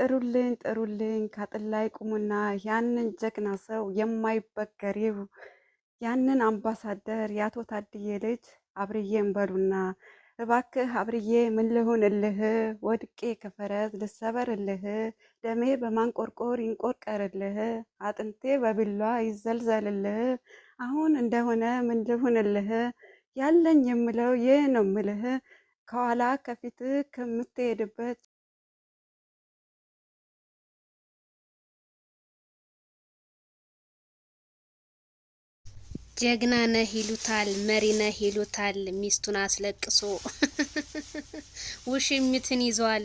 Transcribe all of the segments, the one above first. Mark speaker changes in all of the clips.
Speaker 1: ጥሩልኝ ጥሩልኝ ካጥል ላይ ቁሙና ያንን ጀግና ሰው የማይበገሬው ያንን አምባሳደር የአቶ ታድዬ ልጅ አብርዬን በሉና እባክህ አብርዬ ምን ልሁንልህ፣ ወድቄ ከፈረስ ልሰበርልህ፣ ደሜ በማንቆርቆር ይንቆርቀርልህ፣ አጥንቴ በቢሏ ይዘልዘልልህ፣ አሁን እንደሆነ ምን ልሁንልህ፣ ያለኝ የምለው ይህ ነው ምልህ፣ ከኋላ ከፊት ከምትሄድበት
Speaker 2: ጀግና ነህ ይሉታል፣ መሪ ነህ ይሉታል። ሚስቱን አስለቅሶ ውሽሚትን ይዟል።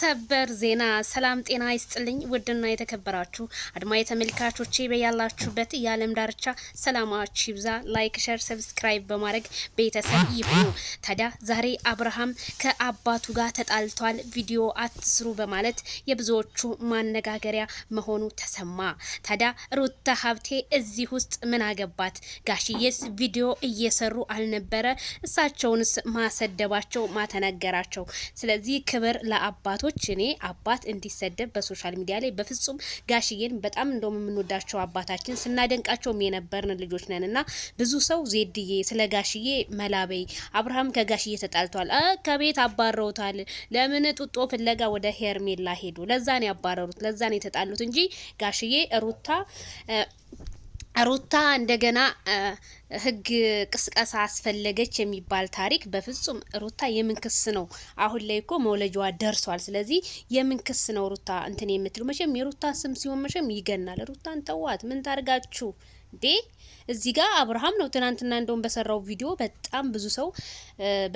Speaker 2: ሰበር ዜና። ሰላም ጤና ይስጥልኝ። ውድና የተከበራችሁ አድማ የተመልካቾቼ በያላችሁበት የዓለም ዳርቻ ሰላማችሁ ይብዛ። ላይክ፣ ሸር፣ ሰብስክራይብ በማድረግ ቤተሰብ ይሁኑ። ታዲያ ዛሬ አብርሃም ከአባቱ ጋር ተጣልቷል፣ ቪዲዮ አትስሩ በማለት የብዙዎቹ ማነጋገሪያ መሆኑ ተሰማ። ታዲያ ሩታ ሀብቴ እዚህ ውስጥ ምን አገባት? ጋሽዬስ ቪዲዮ እየሰሩ አልነበረ? እሳቸውንስ ማሰደባቸው ማተነገራቸው? ስለዚህ ክብር ለአባቶ ልጆች እኔ አባት እንዲሰደብ በሶሻል ሚዲያ ላይ በፍጹም ጋሽዬን በጣም እንደውም የምንወዳቸው አባታችን ስናደንቃቸውም የነበርን ልጆች ነን እና ብዙ ሰው ዜድዬ ስለ ጋሽዬ መላበይ አብርሃም ከጋሽዬ ተጣልቷል፣ ከቤት አባረውታል፣ ለምን ጡጦ ፍለጋ ወደ ሄርሜላ ሄዱ፣ ለዛን ያባረሩት፣ ለዛን የተጣሉት እንጂ ጋሽዬ ሩታ ሩታ እንደገና ህግ ቅስቀሳ አስፈለገች የሚባል ታሪክ በፍጹም ሩታ የምን ክስ ነው? አሁን ላይ እኮ መውለጃዋ ደርሷል። ስለዚህ የምን ክስ ነው ሩታ እንትን የምትሉ መቼም የሩታ ስም ሲሆን መቼም ይገናል። ሩታን ተዋት። ምን ታርጋችሁ እንዴ እዚህ ጋር አብርሃም ነው ትናንትና እንደውም በሰራው ቪዲዮ በጣም ብዙ ሰው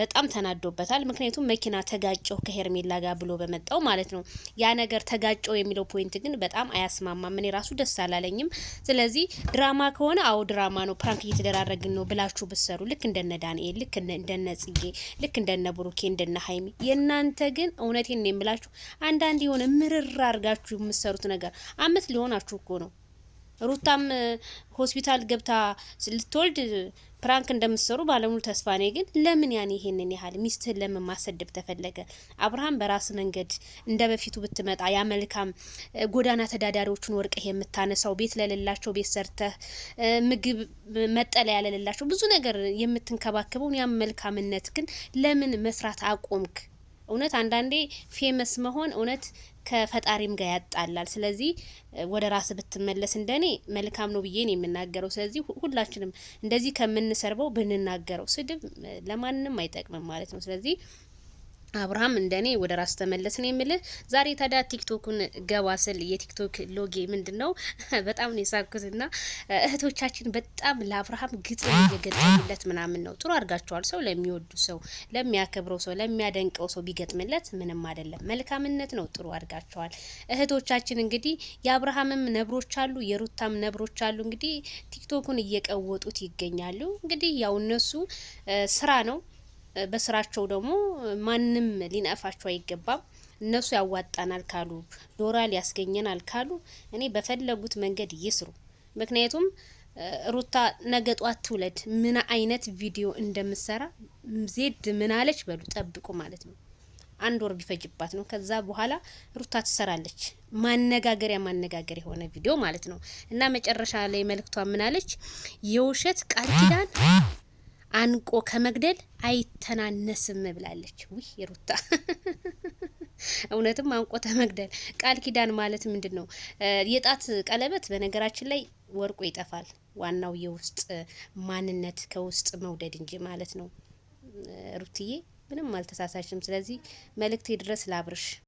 Speaker 2: በጣም ተናዶበታል። ምክንያቱም መኪና ተጋጨው ከሄርሜላ ጋር ብሎ በመጣው ማለት ነው። ያ ነገር ተጋጨው የሚለው ፖይንት ግን በጣም አያስማማም። እኔ ራሱ ደስ አላለኝም። ስለዚህ ድራማ ከሆነ አዎ ድራማ ነው፣ ፕራንክ እየተደራረግን ነው ብላችሁ ብትሰሩ ልክ እንደነ ዳንኤል፣ ልክ እንደነ ጽጌ፣ ልክ እንደነ ብሩኬ፣ እንደነ ሀይሚ። የእናንተ ግን እውነቴን ነው የምላችሁ አንዳንድ የሆነ ምርር አድርጋችሁ የምትሰሩት ነገር አመት ሊሆናችሁ እኮ ነው ሩታም ሆስፒታል ገብታ ልትወልድ ፕራንክ እንደምትሰሩ ባለሙሉ ተስፋ ነኝ። ግን ለምን ያን ይሄንን ያህል ሚስትህን ለምን ማሰደብ ተፈለገ? አብርሃም በራስ መንገድ እንደ በፊቱ ብትመጣ ያ መልካም ጎዳና ተዳዳሪዎቹን ወርቀህ የምታነሳው ቤት ለሌላቸው ቤት ሰርተህ ምግብ፣ መጠለያ ለሌላቸው ብዙ ነገር የምትንከባከበውን ያም መልካምነት ግን ለምን መስራት አቆምክ? እውነት አንዳንዴ ፌመስ መሆን እውነት ከፈጣሪም ጋር ያጣላል። ስለዚህ ወደ ራስ ብትመለስ እንደኔ መልካም ነው ብዬ ነው የምናገረው። ስለዚህ ሁላችንም እንደዚህ ከምንሰርበው ብንናገረው ስድብ ለማንም አይጠቅምም ማለት ነው። ስለዚህ አብርሃም እንደኔ ወደ ራስ ተመለስን የምልህ። ዛሬ ታዲያ ቲክቶኩን ገባ ስል የቲክቶክ ሎጌ ምንድን ነው? በጣም ነው የሳኩትና እህቶቻችን በጣም ለአብርሃም ግጥ እየገጠሙለት ምናምን ነው። ጥሩ አድርጋቸዋል ሰው ለሚወዱ ሰው፣ ለሚያከብረው ሰው፣ ለሚያደንቀው ሰው ቢገጥምለት ምንም አይደለም፣ መልካምነት ነው። ጥሩ አድርጋቸዋል። እህቶቻችን። እንግዲህ የአብርሃምም ነብሮች አሉ፣ የሩታም ነብሮች አሉ። እንግዲህ ቲክቶኩን እየቀወጡት ይገኛሉ። እንግዲህ ያው እነሱ ስራ ነው በስራቸው ደግሞ ማንም ሊነፋቸው አይገባም። እነሱ ያዋጣናል ካሉ ዶራል ያስገኘናል ካሉ እኔ በፈለጉት መንገድ ይስሩ። ምክንያቱም ሩታ ነገ ጧት ትውለድ ምን አይነት ቪዲዮ እንደምሰራ ዜድ ምን አለች በሉ ጠብቁ ማለት ነው። አንድ ወር ቢፈጅባት ነው። ከዛ በኋላ ሩታ ትሰራለች ማነጋገሪያ ማነጋገር የሆነ ቪዲዮ ማለት ነው። እና መጨረሻ ላይ መልእክቷ ምን አለች? የውሸት ቃል ኪዳን አንቆ ከመግደል አይተናነስም ብላለች። ውይ የሩታ እውነትም አንቆ ተመግደል። ቃል ኪዳን ማለት ምንድን ነው? የጣት ቀለበት በነገራችን ላይ ወርቆ ይጠፋል። ዋናው የውስጥ ማንነት ከውስጥ መውደድ እንጂ ማለት ነው። ሩትዬ ምንም አልተሳሳሽም። ስለዚህ መልእክቴ ድረስ ላብርሽ